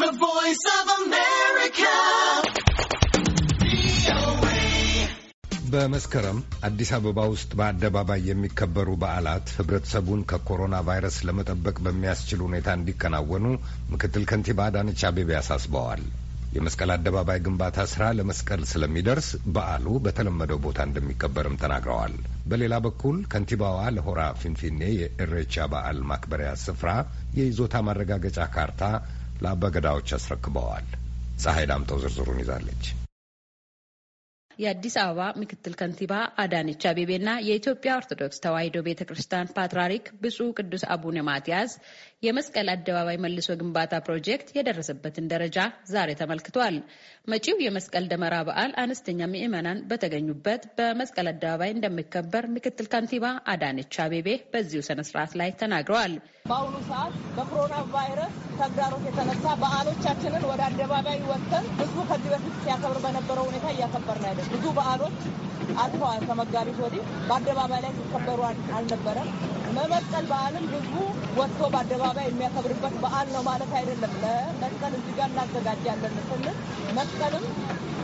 The Voice of America. በመስከረም አዲስ አበባ ውስጥ በአደባባይ የሚከበሩ በዓላት ህብረተሰቡን ከኮሮና ቫይረስ ለመጠበቅ በሚያስችል ሁኔታ እንዲከናወኑ ምክትል ከንቲባ አዳነች አቤቤ አሳስበዋል። የመስቀል አደባባይ ግንባታ ስራ ለመስቀል ስለሚደርስ በዓሉ በተለመደው ቦታ እንደሚከበርም ተናግረዋል። በሌላ በኩል ከንቲባዋ ለሆራ ፊንፊኔ የእሬቻ በዓል ማክበሪያ ስፍራ የይዞታ ማረጋገጫ ካርታ ለአባገዳዎች አስረክበዋል። ፀሐይ ዳምጠው ዝርዝሩን ይዛለች። የአዲስ አበባ ምክትል ከንቲባ አዳነች አቤቤና የኢትዮጵያ ኦርቶዶክስ ተዋሕዶ ቤተ ክርስቲያን ፓትርያርክ ብፁዕ ቅዱስ አቡነ ማትያስ የመስቀል አደባባይ መልሶ ግንባታ ፕሮጀክት የደረሰበትን ደረጃ ዛሬ ተመልክቷል። መጪው የመስቀል ደመራ በዓል አነስተኛ ምዕመናን በተገኙበት በመስቀል አደባባይ እንደሚከበር ምክትል ከንቲባ አዳነች አቤቤ በዚሁ ስነስርዓት ላይ ተናግረዋል። በአሁኑ ሰዓት በኮሮና ቫይረስ ተግዳሮት የተነሳ በዓሎቻችንን ወደ አደባባይ ወጥተን ህዝቡ ከዚህ በፊት ሲያከብር በነበረው ሁኔታ እያከበርን አይደለም። ብዙ በዓሎች አልፈዋል። ከመጋቢት ወዲህ በአደባባይ ላይ ሲከበሩ አልነበረም። መመቀል በዓልም ህዝቡ ወጥቶ በአደባባይ የሚያከብርበት በዓል ነው ማለት አይደለም። ለመስቀል እዚህ ጋር እናዘጋጃለን ስንል መስቀልም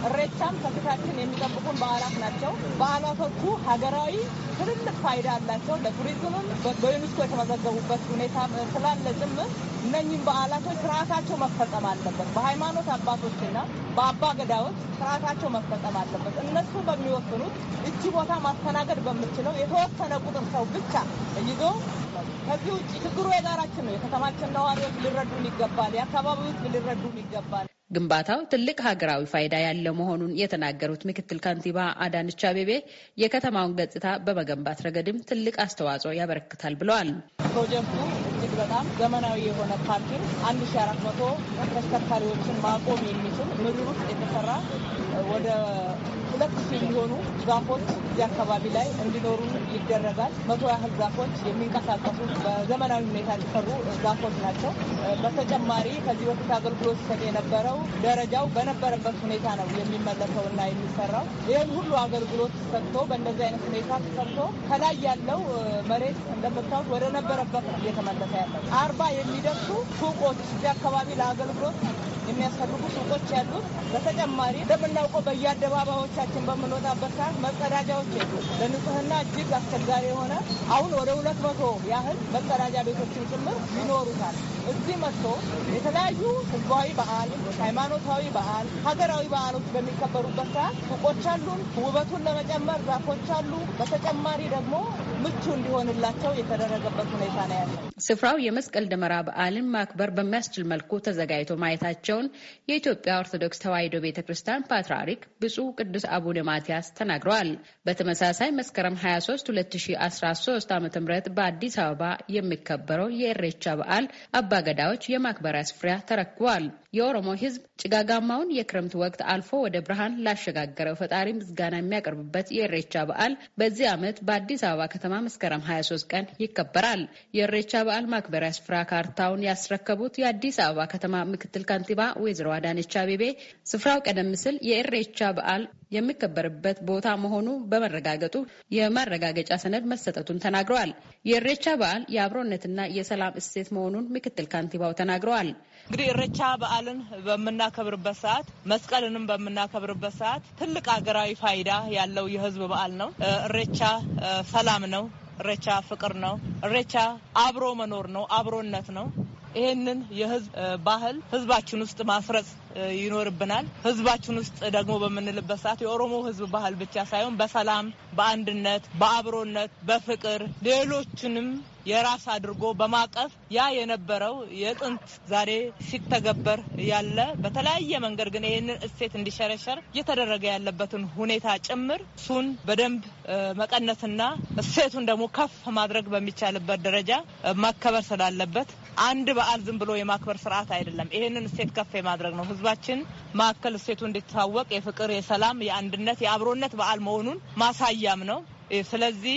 እሬቻም ከፊታችን የሚጠብቁን በዓላት ናቸው። በዓላቶቹ ሀገራዊ ትልልቅ ፋይዳ አላቸው። ለቱሪዝምም በዩኒስኮ የተመዘገቡበት ሁኔታ ስላለ ጭምር እነኝም በዓላቶች ስርዓታቸው መፈጸም አለበት። በሃይማኖት አባቶችና በአባ ገዳዎች ስርዓታቸው መፈጸም አለበት። እነሱ በሚወስኑት እቺ ቦታ ማስተናገድ በምችለው የተወሰነ ቁጥር ሰው ብቻ ይዞ ከዚህ ውጭ ችግሩ የጋራችን ነው። የከተማችን ነዋሪዎች ሊረዱን ይገባል። የአካባቢዎች ሊረዱን ይገባል። ግንባታው ትልቅ ሀገራዊ ፋይዳ ያለው መሆኑን የተናገሩት ምክትል ከንቲባ አዳነች አቤቤ የከተማውን ገጽታ በመገንባት ረገድም ትልቅ አስተዋጽኦ ያበረክታል ብለዋል። ፕሮጀክቱ እጅግ በጣም ዘመናዊ የሆነ ፓርኪንግ አንድ ሺ አራት መቶ ተሽከርካሪዎችን ማቆም የሚችል ምድር ውስጥ የተሰራ ወደ ሁለት ሺ የሚሆኑ ዛፎች እዚህ አካባቢ ላይ እንዲኖሩ ይደረጋል። መቶ ያህል ዛፎች የሚንቀሳቀሱ በዘመናዊ ሁኔታ የተሰሩ ዛፎች ናቸው። በተጨማሪ ከዚህ በፊት አገልግሎት ሲሰጥ የነበረው ደረጃው በነበረበት ሁኔታ ነው የሚመለሰው እና የሚሰራው። ይህን ሁሉ አገልግሎት ሰጥቶ በእንደዚህ አይነት ሁኔታ ተሰርቶ ከላይ ያለው መሬት እንደምታውቅ ወደ ነበረ ከነበረበት ነው እየተመለሰ ያለ። አርባ የሚደርሱ ሱቆች እዚህ አካባቢ ለአገልግሎት የሚያስፈልጉ ሱቆች ያሉ፣ በተጨማሪ እንደምናውቀው በየአደባባዮቻችን በምንወጣበት ሰዓት መጸዳጃዎች የሉ። ለንጽህና እጅግ አስቸጋሪ የሆነ አሁን ወደ ሁለት መቶ ያህል መጸዳጃ ቤቶችን ጭምር ይኖሩታል። እዚህ መጥቶ የተለያዩ ህዝባዊ በዓል፣ ሃይማኖታዊ በዓል፣ ሀገራዊ በዓሎች በሚከበሩበት ሰዓት ሱቆች አሉን። ውበቱን ለመጨመር ዛፎች አሉ። በተጨማሪ ደግሞ ምቹ እንዲሆንላቸው የተደረገበት ሁኔታ ነው ያለ ስፍራው የመስቀል ደመራ በዓልን ማክበር በሚያስችል መልኩ ተዘጋጅቶ ማየታቸው መሆናቸውን የኢትዮጵያ ኦርቶዶክስ ተዋሕዶ ቤተ ክርስቲያን ፓትርያርክ ብፁዕ ቅዱስ አቡነ ማትያስ ተናግረዋል። በተመሳሳይ መስከረም 23 2013 ዓ ም በአዲስ አበባ የሚከበረው የእሬቻ በዓል አባገዳዎች የማክበሪያ ስፍራ ተረክቧል። የኦሮሞ ሕዝብ ጭጋጋማውን የክረምት ወቅት አልፎ ወደ ብርሃን ላሸጋገረው ፈጣሪ ምስጋና የሚያቀርብበት የእሬቻ በዓል በዚህ ዓመት በአዲስ አበባ ከተማ መስከረም 23 ቀን ይከበራል። የእሬቻ በዓል ማክበሪያ ስፍራ ካርታውን ያስረከቡት የአዲስ አበባ ከተማ ምክትል ከንቲባ ወይዘሮ አዳነች አቤቤ ስፍራው ቀደም ሲል የእሬቻ በዓል የሚከበርበት ቦታ መሆኑ በመረጋገጡ የማረጋገጫ ሰነድ መሰጠቱን ተናግረዋል። የእሬቻ በዓል የአብሮነትና የሰላም እሴት መሆኑን ምክትል ካንቲባው ተናግረዋል። እንግዲህ እሬቻ በዓልን በምናከብርበት ሰዓት፣ መስቀልንም በምናከብርበት ሰዓት ትልቅ ሀገራዊ ፋይዳ ያለው የህዝብ በዓል ነው። እሬቻ ሰላም ነው። እሬቻ ፍቅር ነው። እሬቻ አብሮ መኖር ነው፣ አብሮነት ነው። ይህንን የህዝብ ባህል ህዝባችን ውስጥ ማስረጽ ይኖርብናል። ህዝባችን ውስጥ ደግሞ በምንልበት ሰዓት የኦሮሞ ህዝብ ባህል ብቻ ሳይሆን በሰላም፣ በአንድነት፣ በአብሮነት፣ በፍቅር ሌሎችንም የራስ አድርጎ በማቀፍ ያ የነበረው የጥንት ዛሬ ሲተገበር ያለ በተለያየ መንገድ ግን ይህንን እሴት እንዲሸረሸር እየተደረገ ያለበትን ሁኔታ ጭምር እሱን በደንብ መቀነስና እሴቱን ደግሞ ከፍ ማድረግ በሚቻልበት ደረጃ ማከበር ስላለበት አንድ በዓል ዝም ብሎ የማክበር ስርዓት አይደለም። ይህንን እሴት ከፍ የማድረግ ነው። ህዝባችን ማዕከል እሴቱ እንዲታወቅ የፍቅር፣ የሰላም፣ የአንድነት፣ የአብሮነት በዓል መሆኑን ማሳያም ነው። ስለዚህ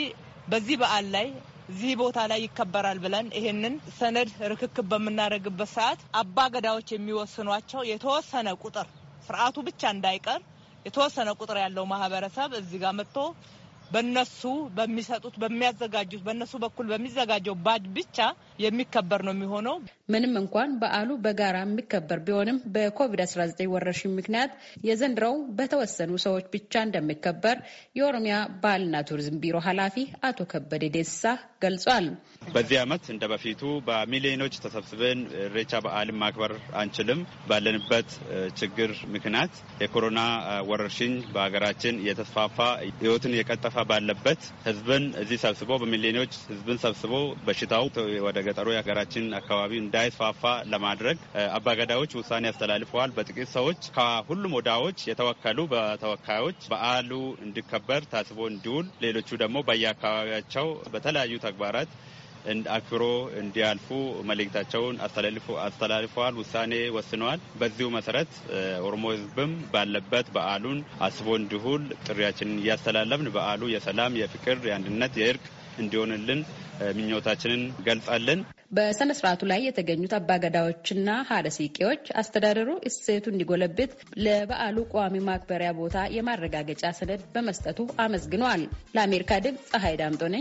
በዚህ በዓል ላይ እዚህ ቦታ ላይ ይከበራል ብለን ይሄንን ሰነድ ርክክብ በምናደርግበት ሰዓት አባ ገዳዎች የሚወስኗቸው የተወሰነ ቁጥር ስርዓቱ ብቻ እንዳይቀር የተወሰነ ቁጥር ያለው ማህበረሰብ እዚህ ጋር መጥቶ በነሱ በሚሰጡት በሚያዘጋጁት በነሱ በኩል በሚዘጋጀው ባጅ ብቻ የሚከበር ነው የሚሆነው። ምንም እንኳን በዓሉ በጋራ የሚከበር ቢሆንም በኮቪድ-19 ወረርሽኝ ምክንያት የዘንድሮው በተወሰኑ ሰዎች ብቻ እንደሚከበር የኦሮሚያ ባህልና ቱሪዝም ቢሮ ኃላፊ አቶ ከበደ ደሳ ገልጿል። በዚህ ዓመት እንደ በፊቱ በሚሊዮኖች ተሰብስበን ሬቻ በዓልን ማክበር አንችልም። ባለንበት ችግር ምክንያት የኮሮና ወረርሽኝ በሀገራችን የተስፋፋ ህይወትን የቀጠፈ ባለበት ህዝብን እዚህ ሰብስቦ በሚሊዮኖች ህዝብን ሰብስቦ በሽታው ወደ ገጠሩ የሀገራችን አካባቢ እንዳይስፋፋ ለማድረግ አባገዳዎች ውሳኔ አስተላልፈዋል። በጥቂት ሰዎች ከሁሉም ወዳዎች የተወከሉ በተወካዮች በዓሉ እንዲከበር ታስቦ እንዲውል፣ ሌሎቹ ደግሞ በየአካባቢያቸው በተለያዩ ተግባራት አክብሮ እንዲያልፉ መልእክታቸውን አስተላልፈዋል፣ ውሳኔ ወስነዋል። በዚሁ መሰረት ኦሮሞ ሕዝብም ባለበት በዓሉን አስቦ እንዲሁል ጥሪያችንን እያስተላለፍን በዓሉ የሰላም፣ የፍቅር፣ የአንድነት፣ የእርቅ እንዲሆንልን ምኞታችንን ገልጻለን። በስነ ስርዓቱ ላይ የተገኙት አባገዳዎችና ሀደ ሲቄዎች አስተዳደሩ እሴቱ እንዲጎለብት ለበዓሉ ቋሚ ማክበሪያ ቦታ የማረጋገጫ ሰነድ በመስጠቱ አመስግነዋል። ለአሜሪካ ድምፅ ፀሐይ ዳምጦ ነኝ